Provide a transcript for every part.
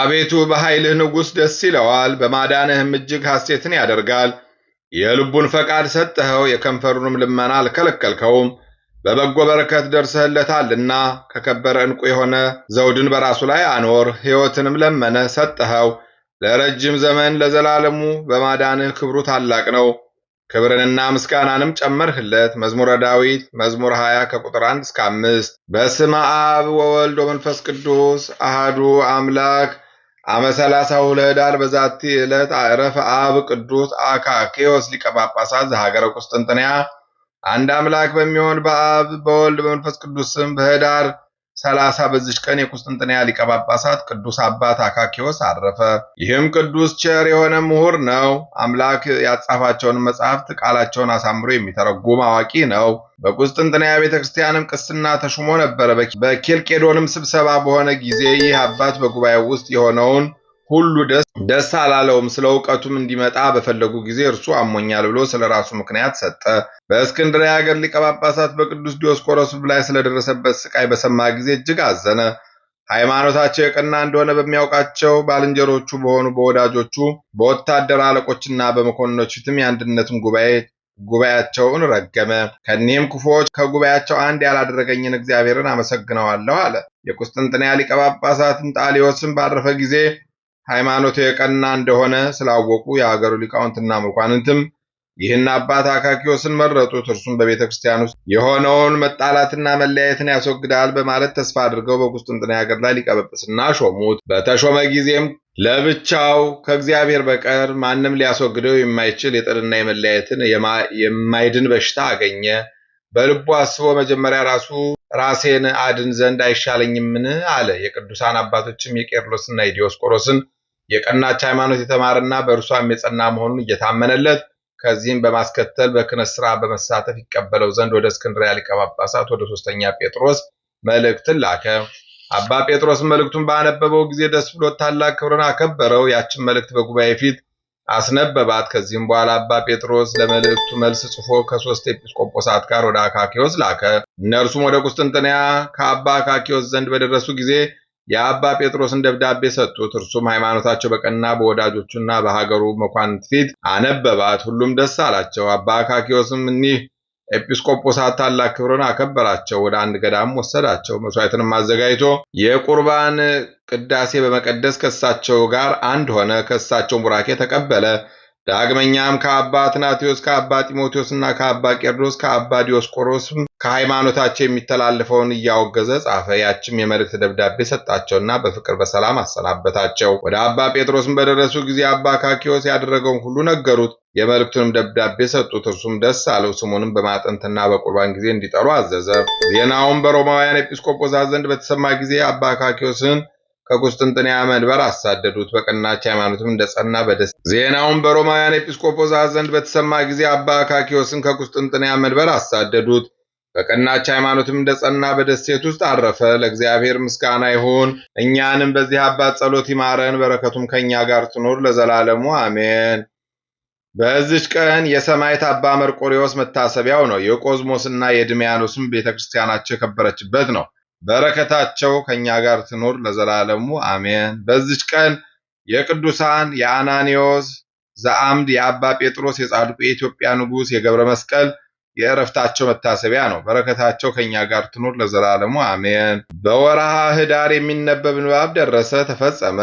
አቤቱ በኃይልህ ንጉሥ ደስ ይለዋል፣ በማዳንህም እጅግ ሐሴትን ያደርጋል። የልቡን ፈቃድ ሰጠኸው፣ የከንፈሩንም ልመና አልከለከልከውም። በበጎ በረከት ደርሰህለታልና ከከበረ ዕንቁ የሆነ ዘውድን በራሱ ላይ አኖር። ሕይወትንም ለመነ ሰጠኸው፣ ለረጅም ዘመን ለዘላለሙ። በማዳንህ ክብሩ ታላቅ ነው። ክብርንና ምስጋናንም ጨመርህለት። መዝሙረ ዳዊት መዝሙር 20 ከቁጥር 1 እስከ 5። በስመ አብ ወወልድ ወመንፈስ ቅዱስ አሃዱ አምላክ አመ ሰላሳ ውለህዳር በዛቲ ዕለት አረፈ አብ ቅዱስ አካኬዎስ ሊቀ ጳጳሳት ዘሀገረ ቁስጥንጥንያ። አንድ አምላክ በሚሆን በአብ በወልድ በመንፈስ ቅዱስ ስም በህዳር ሰላሳ በዚች ቀን የቁስጥንጥንያ ሊቀ ጳጳሳት ቅዱስ አባት አካኪዎስ አረፈ። ይህም ቅዱስ ቸር የሆነ ምሁር ነው። አምላክ ያጻፋቸውን መጽሐፍት ቃላቸውን አሳምሮ የሚተረጉም አዋቂ ነው። በቁስጥንጥንያ ቤተ ክርስቲያንም ቅስና ተሹሞ ነበረ። በኬልቄዶንም ስብሰባ በሆነ ጊዜ ይህ አባት በጉባኤው ውስጥ የሆነውን ሁሉ ደስ አላለውም። ስለ እውቀቱም እንዲመጣ በፈለጉ ጊዜ እርሱ አሞኛል ብሎ ስለ ራሱ ምክንያት ሰጠ። በእስክንድርያ ሀገር ሊቀ ጳጳሳት በቅዱስ ዲዮስቆሮስ ላይ ስለደረሰበት ስቃይ በሰማ ጊዜ እጅግ አዘነ። ሃይማኖታቸው የቀና እንደሆነ በሚያውቃቸው ባልንጀሮቹ በሆኑ በወዳጆቹ በወታደር አለቆችና በመኮንኖች ፊትም የአንድነትን ጉባኤ ጉባኤያቸውን ረገመ። ከእኒህም ክፉዎች ከጉባኤያቸው አንድ ያላደረገኝን እግዚአብሔርን አመሰግነዋለሁ አለ። የቁስጥንጥንያ ሊቀ ጳጳሳትም ጣሊዮስም ባረፈ ጊዜ ሃይማኖቱ የቀና እንደሆነ ስላወቁ የአገሩ ሊቃውንትና መኳንንትም ይህን አባት አካኪዎስን መረጡት። እርሱም በቤተ ክርስቲያን ውስጥ የሆነውን መጣላትና መለያየትን ያስወግዳል በማለት ተስፋ አድርገው በቁስጥንጥንያ ሀገር ላይ ሊቀበጵስና ሾሙት። በተሾመ ጊዜም ለብቻው ከእግዚአብሔር በቀር ማንም ሊያስወግደው የማይችል የጥልና የመለያየትን የማይድን በሽታ አገኘ። በልቡ አስቦ መጀመሪያ ራሱ ራሴን አድን ዘንድ አይሻለኝምን? አለ። የቅዱሳን አባቶችም የቄርሎስና የዲዮስቆሮስን የቀናች ሃይማኖት የተማረና በእርሷም የጸና መሆኑን እየታመነለት ከዚህም በማስከተል በክህነት ሥራ በመሳተፍ ይቀበለው ዘንድ ወደ እስክንድርያ ሊቀ ጳጳሳት ወደ ሶስተኛ ጴጥሮስ መልእክትን ላከ። አባ ጴጥሮስ መልእክቱን ባነበበው ጊዜ ደስ ብሎት ታላቅ ክብርን አከበረው። ያችን መልእክት በጉባኤ ፊት አስነበባት። ከዚህም በኋላ አባ ጴጥሮስ ለመልእክቱ መልስ ጽፎ ከሶስት ኤጲስቆጶሳት ጋር ወደ አካኪዎስ ላከ። እነርሱም ወደ ቁስጥንጥንያ ከአባ አካኪዎስ ዘንድ በደረሱ ጊዜ የአባ ጴጥሮስን ደብዳቤ ሰጡት። እርሱም ሃይማኖታቸው በቀና በወዳጆቹና በሀገሩ መኳንንት ፊት አነበባት። ሁሉም ደስ አላቸው። አባ አካኪዎስም እኒህ ኤጲስቆጶሳት ታላቅ ክብርን አከበራቸው። ወደ አንድ ገዳም ወሰዳቸው። መስዋዕትንም አዘጋጅቶ የቁርባን ቅዳሴ በመቀደስ ከእሳቸው ጋር አንድ ሆነ። ከእሳቸውን ቡራኬ ተቀበለ። ዳግመኛም ከአባ ትናቴዎስ ከአባ ጢሞቴዎስና ከአባ ቄርዶስ ከአባ ዲዮስቆሮስም ከሃይማኖታቸው የሚተላለፈውን እያወገዘ ጻፈ። ያችም የመልእክት ደብዳቤ ሰጣቸውና በፍቅር በሰላም አሰናበታቸው። ወደ አባ ጴጥሮስም በደረሱ ጊዜ አባ ካኪዎስ ያደረገውን ሁሉ ነገሩት። የመልእክቱንም ደብዳቤ ሰጡት። እርሱም ደስ አለው። ስሙንም በማጠንትና በቁርባን ጊዜ እንዲጠሩ አዘዘ። ዜናውን በሮማውያን ኤጲስቆጶሳት ዘንድ በተሰማ ጊዜ አባ አካኪዎስን ከቁስጥንጥንያ መንበር አሳደዱት። በቀናች ሃይማኖትም እንደጸና በደስ ዜናውን በሮማውያን ኤጲስቆጶሳት ዘንድ በተሰማ ጊዜ አባ አካኪዎስን ከቁስጥንጥንያ መንበር አሳደዱት። በቀናች ሃይማኖትም እንደጸና በደሴት ውስጥ አረፈ። ለእግዚአብሔር ምስጋና ይሁን፣ እኛንም በዚህ አባት ጸሎት ይማረን፣ በረከቱም ከእኛ ጋር ትኖር ለዘላለሙ አሜን። በዚች ቀን የሰማዕት አባ መርቆሪዎስ መታሰቢያው ነው። የቆዝሞስና የድሚያኖስም ቤተክርስቲያናቸው ክርስቲያናቸው የከበረችበት ነው። በረከታቸው ከእኛ ጋር ትኑር ለዘላለሙ አሜን። በዚች ቀን የቅዱሳን የአናኒዎስ ዘአምድ፣ የአባ ጴጥሮስ፣ የጻድቁ የኢትዮጵያ ንጉሥ የገብረ መስቀል የእረፍታቸው መታሰቢያ ነው። በረከታቸው ከእኛ ጋር ትኑር ለዘላለሙ አሜን። በወርሃ ኅዳር የሚነበብ ንባብ ደረሰ፣ ተፈጸመ።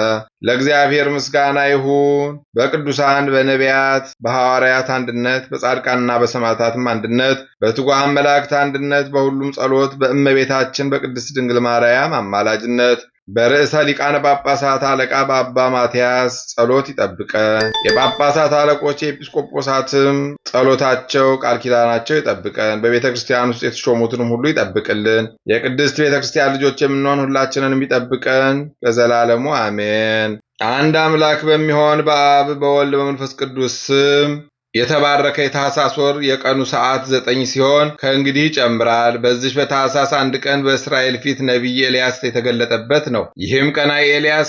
ለእግዚአብሔር ምስጋና ይሁን። በቅዱሳን በነቢያት በሐዋርያት አንድነት፣ በጻድቃንና በሰማዕታትም አንድነት፣ በትጉሃን መላእክት አንድነት፣ በሁሉም ጸሎት፣ በእመቤታችን በቅድስት ድንግል ማርያም አማላጅነት በርዕሰ ሊቃነ ጳጳሳት አለቃ በአባ ማትያስ ጸሎት ይጠብቀን። የጳጳሳት አለቆች የኤጲስቆጶሳትም ጸሎታቸው ቃል ኪዳናቸው ይጠብቀን። በቤተ ክርስቲያን ውስጥ የተሾሙትንም ሁሉ ይጠብቅልን። የቅድስት ቤተ ክርስቲያን ልጆች የምንሆን ሁላችንንም ይጠብቀን ለዘላለሙ አሜን። አንድ አምላክ በሚሆን በአብ በወልድ በመንፈስ ቅዱስ ስም የተባረከ የታህሳስ ወር የቀኑ ሰዓት ዘጠኝ ሲሆን ከእንግዲህ ይጨምራል። በዚህ በታህሳስ አንድ ቀን በእስራኤል ፊት ነቢይ ኤልያስ የተገለጠበት ነው። ይህም ቀና ኤልያስ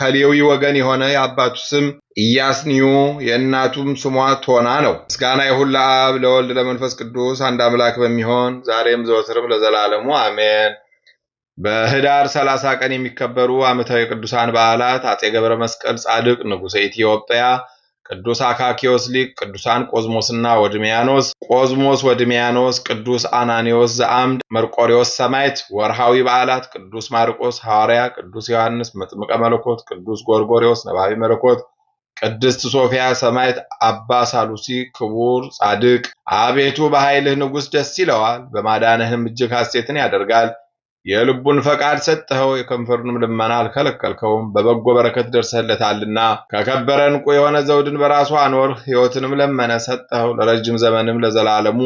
ከሌዊ ወገን የሆነ የአባቱ ስም ኢያስኒዩ የእናቱም ስሟ ቶና ነው። ምስጋና ይሁን ለአብ ለወልድ ለመንፈስ ቅዱስ አንድ አምላክ በሚሆን ዛሬም ዘወትርም ለዘላለሙ አሜን። በህዳር 30 ቀን የሚከበሩ ዓመታዊ ቅዱሳን በዓላት አፄ ገብረ መስቀል ጻድቅ ንጉሠ ኢትዮጵያ ቅዱስ አካኪዮስ ሊቅ፣ ቅዱሳን ቆዝሞስና ወድሚያኖስ፣ ቆዝሞስ ወድሚያኖስ፣ ቅዱስ አናኒዎስ ዘአምድ፣ መርቆሪዎስ ሰማይት ወርሃዊ በዓላት ቅዱስ ማርቆስ ሐዋርያ፣ ቅዱስ ዮሐንስ መጥምቀ መለኮት፣ ቅዱስ ጎርጎሪዎስ ነባቢ መለኮት፣ ቅድስት ሶፊያ ሰማይት አባ ሳሉሲ ክቡር ጻድቅ። አቤቱ በኃይልህ ንጉሥ ደስ ይለዋል፣ በማዳንህም እጅግ ሐሴትን ያደርጋል። የልቡን ፈቃድ ሰጥኸው፣ የከንፈሩንም ልመና አልከለከልከውም። በበጎ በረከት ደርሰህለታልና ከከበረ ዕንቁ የሆነ ዘውድን በራሱ አኖርህ። ሕይወትንም ለመነ ሰጠኸው፣ ለረጅም ዘመንም ለዘላለሙ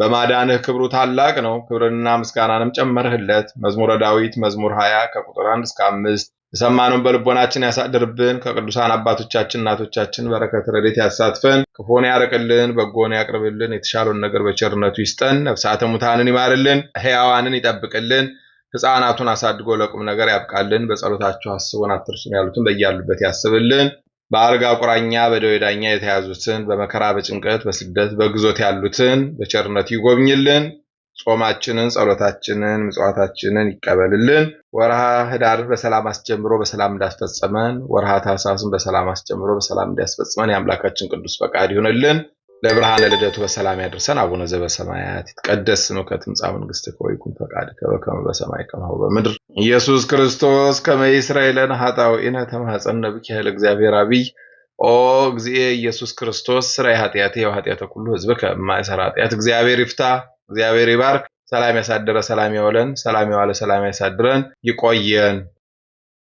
በማዳንህ ክብሩ ታላቅ ነው። ክብርንና ምስጋናንም ጨመርህለት። መዝሙረ ዳዊት መዝሙር 20 ከቁጥር 1 እስከ 5። የሰማነውን በልቦናችን ያሳድርብን። ከቅዱሳን አባቶቻችን እናቶቻችን በረከት ረድኤት ያሳትፈን። ክፉን ያርቅልን፣ በጎን ያቅርብልን። የተሻለውን ነገር በቸርነቱ ይስጠን። ነፍሳተ ሙታንን ይማርልን፣ ሕያዋንን ይጠብቅልን። ሕፃናቱን አሳድጎ ለቁም ነገር ያብቃልን። በጸሎታቸው አስቦን አትርሱን ያሉትን በያሉበት ያስብልን። በአልጋ ቁራኛ በደዌ ዳኛ የተያዙትን በመከራ በጭንቀት በስደት በግዞት ያሉትን በቸርነት ይጎብኝልን። ጾማችንን፣ ጸሎታችንን፣ ምጽዋታችንን ይቀበልልን። ወርሃ ህዳር በሰላም አስጀምሮ በሰላም እንዳስፈጸመን ወርሃ ታህሳስን በሰላም አስጀምሮ በሰላም እንዲያስፈጽመን የአምላካችን ቅዱስ ፈቃድ ይሆንልን። ለብርሃነ ልደቱ በሰላም ያደርሰን። አቡነ ዘበሰማያት ይትቀደስ ስምከ ትምጻእ መንግሥትከ ወይኩን ፈቃድከ በከመ በሰማይ ከማሁ በምድር ኢየሱስ ክርስቶስ ከመ ይሥረይ ለነ ኃጣውኢነ ተማኅፀነ ብከ እግዚአብሔር አብይ ኦ እግዚእየ ኢየሱስ ክርስቶስ ስራይ ኃጢአቴ ወኃጢአተ ኩሉ ሕዝብከ እማእሰረ ኃጢአት እግዚአብሔር ይፍታ፣ እግዚአብሔር ይባርክ። ሰላም ያሳድረ፣ ሰላም ያውለን፣ ሰላም የዋለ ሰላም ያሳድረን። ይቆየን።